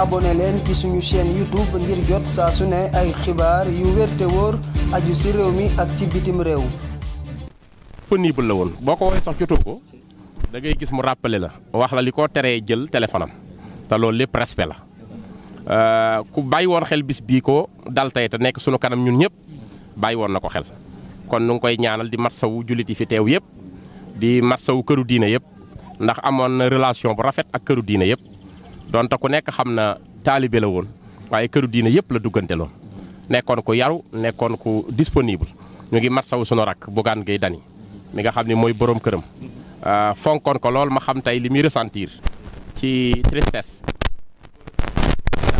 abonné suñu chaîne YouTube ngir jot saa su réew mi la woon boo ko woowee sax jotoo ko da ngay gis mu rappelé la wax li ko teree jël téléphone am loolu lépp respect la euh, ku bàyyi woon xel bis bii ko dal tey te nekk sunu kanam ñun ñëpp bàyyi woon na ko xel kon nu ngi koy ñaanal di marsawu jullit yi fi teew yëpp di marsawu këru diine yëpp ndax amoon na relation bu rafet ak këru diine yëpp. donte ku nekk xam na taalibe la woon waaye këru diine yëpp la duggante loo nekkoon ku yaru nekkoon ku disponible ñu ngi mat saw sunu rakk Bougane Gueye Dany mi nga xam ne mooy boroom këram ah, fonkoon ko lool ma xam tey li muy ressentir ci tristesse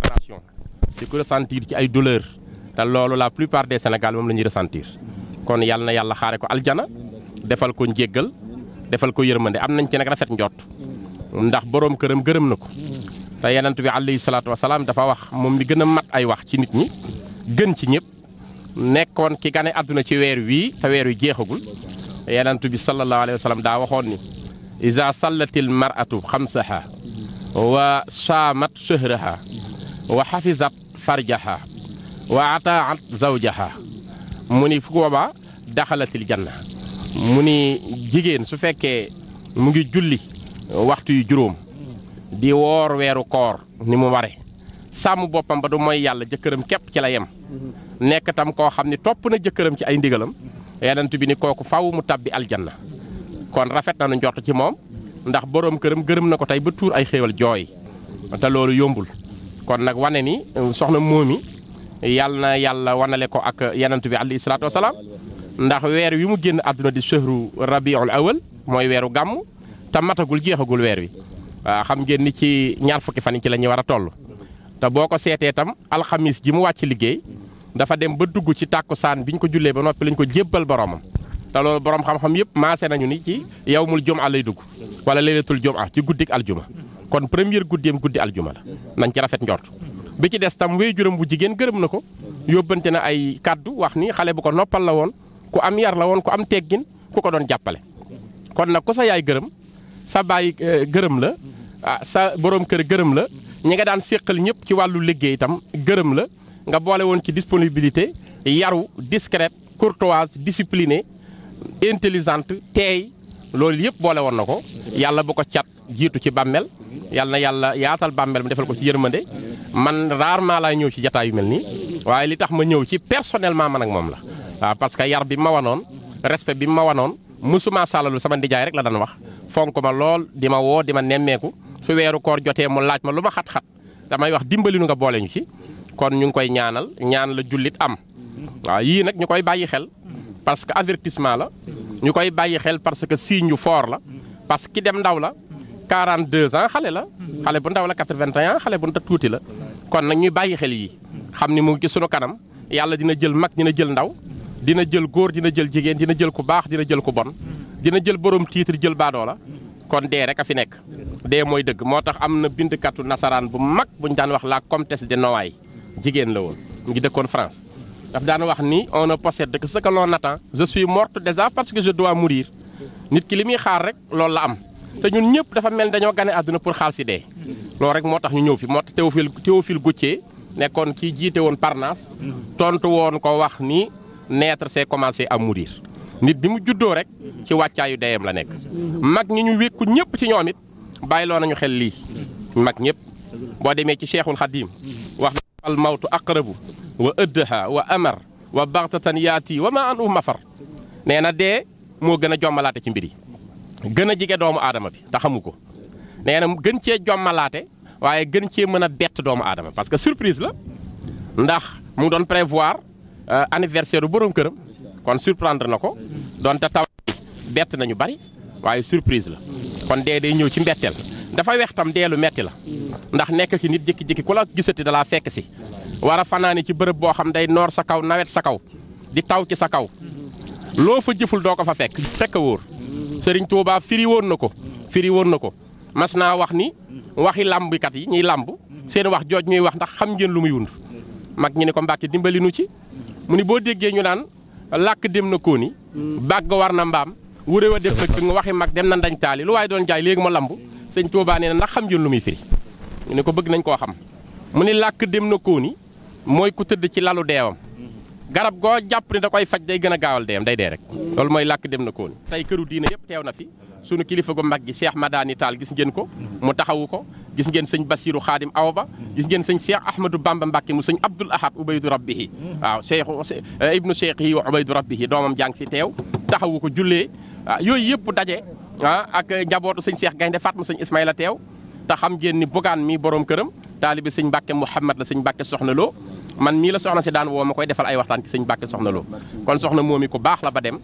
relation di ko ressentir ci ay douleur te loolu la plupart des Sénégal moom la ñuy ressentir kon yàlla na yàlla xaare ko aljana defal ko njéggal defal ko yërmande am nañ ci nag rafet njott ndax boroom këram gërëm na ko te yenent bi alayhi salaatu wasalaam dafa wax moom mi gën a mat ay wax ci nit ñi gën ci ñëpp nekkoon ki gane àdduna ci weer wii te weer wi jeexagul yenentu bi sallallahu alayhi wa daa waxoon ni iza sallatil mar'atu xamsaha wa saamat shahraha wa xafizat farjaha wa ataat zawjaha mu ni fu boobaa daxalatil janna mu ni jigéen su fekkee mu ngi julli waxtu juróom di woor weeru koor ni mu ware sàmm boppam ba du mooy yàlla jëkkëram képp ci la yem mhm. nekk tam koo xam ne topp na jëkkëram ci ay ndigalam yonent bi ni kooku faw mu tabbi aljanna kon rafet na nu ci moom ndax boroom këram gërëm na ko tey ba tuur ay xéewal jooy te loolu yombul kon nag wane ni euh, soxna mi yàlla na yàlla wanale ko ak yonent bi alayhi salaatu ndax weer wi mu génn àdduna di sëhru rabiul awal mooy weeru gàmm te matagul jeexagul weer wi waaw ah, xam ngeen ni ci ñaar fukki fan yi ci la ñuy war a toll te boo ko seetee tam alxamis ji mu wàcc liggéey dafa dem ba dugg ci saan bi ñu ko jullee ba noppi lañ ko jébbal boromam te loolu borom xam-xam yëpp maase nañu ni ci yawmul jumaa lay dugg wala laylatul jumaa ci guddik aljuma kon première guddeem guddi aljuma la nañ ci rafet njort bi ci des tam wéy juróom bu jigéen gërëm na ko yóbbante na ay kàddu wax nii xale bu ko noppal la woon ku am yar la woon ku am teggin ku ko doon jàppale kon nag ku sa yaay gërëm sa baay eh, gërëm la ah sa borom kër gërëm la ñi nga daan séqal ñëpp ci wàllu liggéey itam gërëm la nga boole woon ci disponibilité yaru discrète courtoise disciplinée intelligente teey loolu yëpp boole woon na ko yàlla bu ko cat jiitu ci bàmmel yàlla na yàlla yaatal bàmmel mu defal ko ci yërmande man rarement laa ñëw ci jataay yu mel nii waaye li tax ma ñëw ci personnellement man ak moom la waaw ah, parce que yar bi ma wanoon respect bi ma wanoon mësuma sàllalu sama ndijaay rek la daan wax fonk ma lool di ma woo di ma nemmeeku su weeru koor jotee mu laaj ma lu ma xat-xat damay wax dimbali nu nga boole ñu ci kon ñu ngi koy ñaanal ñaan la jullit am waaw yii nag ñu koy bàyyi xel parce que avertissement la ñu koy bàyyi xel parce que signe yu foor la parce que ki dem ndaw la 42 ans xale la xale bu ndaw la 81 ans xale bu nda tuuti la kon nag ñuy bàyyi xel yi xam ni mu ngi ci sunu kanam yàlla dina jël mag dina jël ndaw dina jël góor dina jël jigéen dina jël ku baax dina jël ku bon dina jël borom titre jël baadoo la kon dee rek a fi nekk dee mooy dëgg moo tax am na bindkatu nasaraan bu mag bu ñu daan wax la comtesse de Noailles jigéen la woon ngi dëkkoon France daf daan wax ni on a possède que ce que l'on attend je suis morte déjà parce que je dois mourir nit ki li muy xaar rek loolu la am te ñun ñëpp dafa mel dañoo gane àdduna pour xaal si dee loolu rek moo tax ñu ñëw fi moo tax Théophile Théophile Gautier nekkoon kii jiite woon Parnasse mm-hmm. tontu woon ko wax nii naître c'est commencer à mourir nit bi mu juddoo rek ci wàccaayu deyam la nekk mag ñi ñu wékku ñëpp ci ñoom it bàyyiloo nañu xel lii mag ñëpp boo demee ci cheikhul xadim wax al mawtu aqrabu wa ëddha wa amar wa baxtatan yaati wa ma an u mafar nee na dee moo gën a jommalaate ci mbir yi gën a jige doomu aadama bi te xamu ko nee na gën cee jommalaate waaye gën cee mën a bett doomu aadama parce que surprise la ndax mu doon prévoir euh, anniversaire bu borom këram kon surprendre na ko donte taw bett nañu bari waaye surprise la kon dee day ñëw ci mbetteel dafa weex tam deelu metti la ndax nekk ki nit jékki-jékki ku la gisati dalaa fekk si war a fanaani ci bërëb boo xam day noor sa kaw nawet sa kaw di taw ci sa kaw loo fa jëful doo ko fa fekk fekk wóor Serigne Touba firi woon na ko firi woon na ko mas naa wax ni waxi làmbikat yi ñuy làmb seen wax jooj ñuy wax ndax xam ngeen lu muy wund mag ñu ne ko Mbàkke dimbali nu ci mu ni boo déggee ñu naan làkk dem na kóoni hmm. bàgg war na mbaam wuré wa def fëkk nga waxi mag dem na ndañ taali lu waaye doon jaay léegi ma lamb sëñ Tuubaa nee na ndax xam jën lu muy firi ñu ne ko bëgg nañ koo xam mu ne làkk dem na kóoni mooy ku tëdd ci lalu deewam garab goo jàpp ne da koy faj day gën a gaawal deem day dee rek loolu mooy làkk dem na kóoni tey këru diine yëpp teew na fi sunu kilifa gu mag gi Cheikh Madani Tall gis ngeen ko mu taxawu ko gis ngeen sëñ Basiru Xaadim Awba gis ngeen sëñ Cheikh Ahmadou Bamba Mbacke mu sëñ Abdoul Ahad ubaydu rabbihi waaw Cheikh eh, ibnu Cheikh yi wa ubaydu rabbihi doomam jàng fi teew taxawu ko jullee ah, yooyu yëpp daje ah ak njabootu sëñ Cheikh Gaynde Fatma sëñ Ismaïla teew te xam ngeen ni Bougane mii boroom këram taalibi sëñ Mbacke Mouhamad la sëñ Mbacke soxna loo man mii la soxna si daan woo ma koy defal ay waxtaan ci sëñ Mbacke soxna loo kon soxna moom mi ku baax la ba dem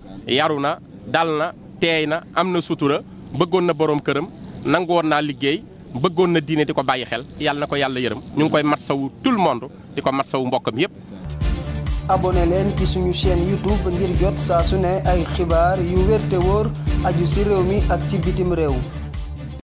teey na am na sutura bëggoon na boroom këram nangoon naa liggéey bëggoon na diine di ko bàyyi xel yàlla na ko yàlla yërëm ñu ngi koy matsawu tout le monde di ko matsawu mbokkam yépp abonné leen ci suñu chaîne youtube ngir jot saa su ne ay xibaar yu wér te wóor aju ci réew mi ak ci bitim réew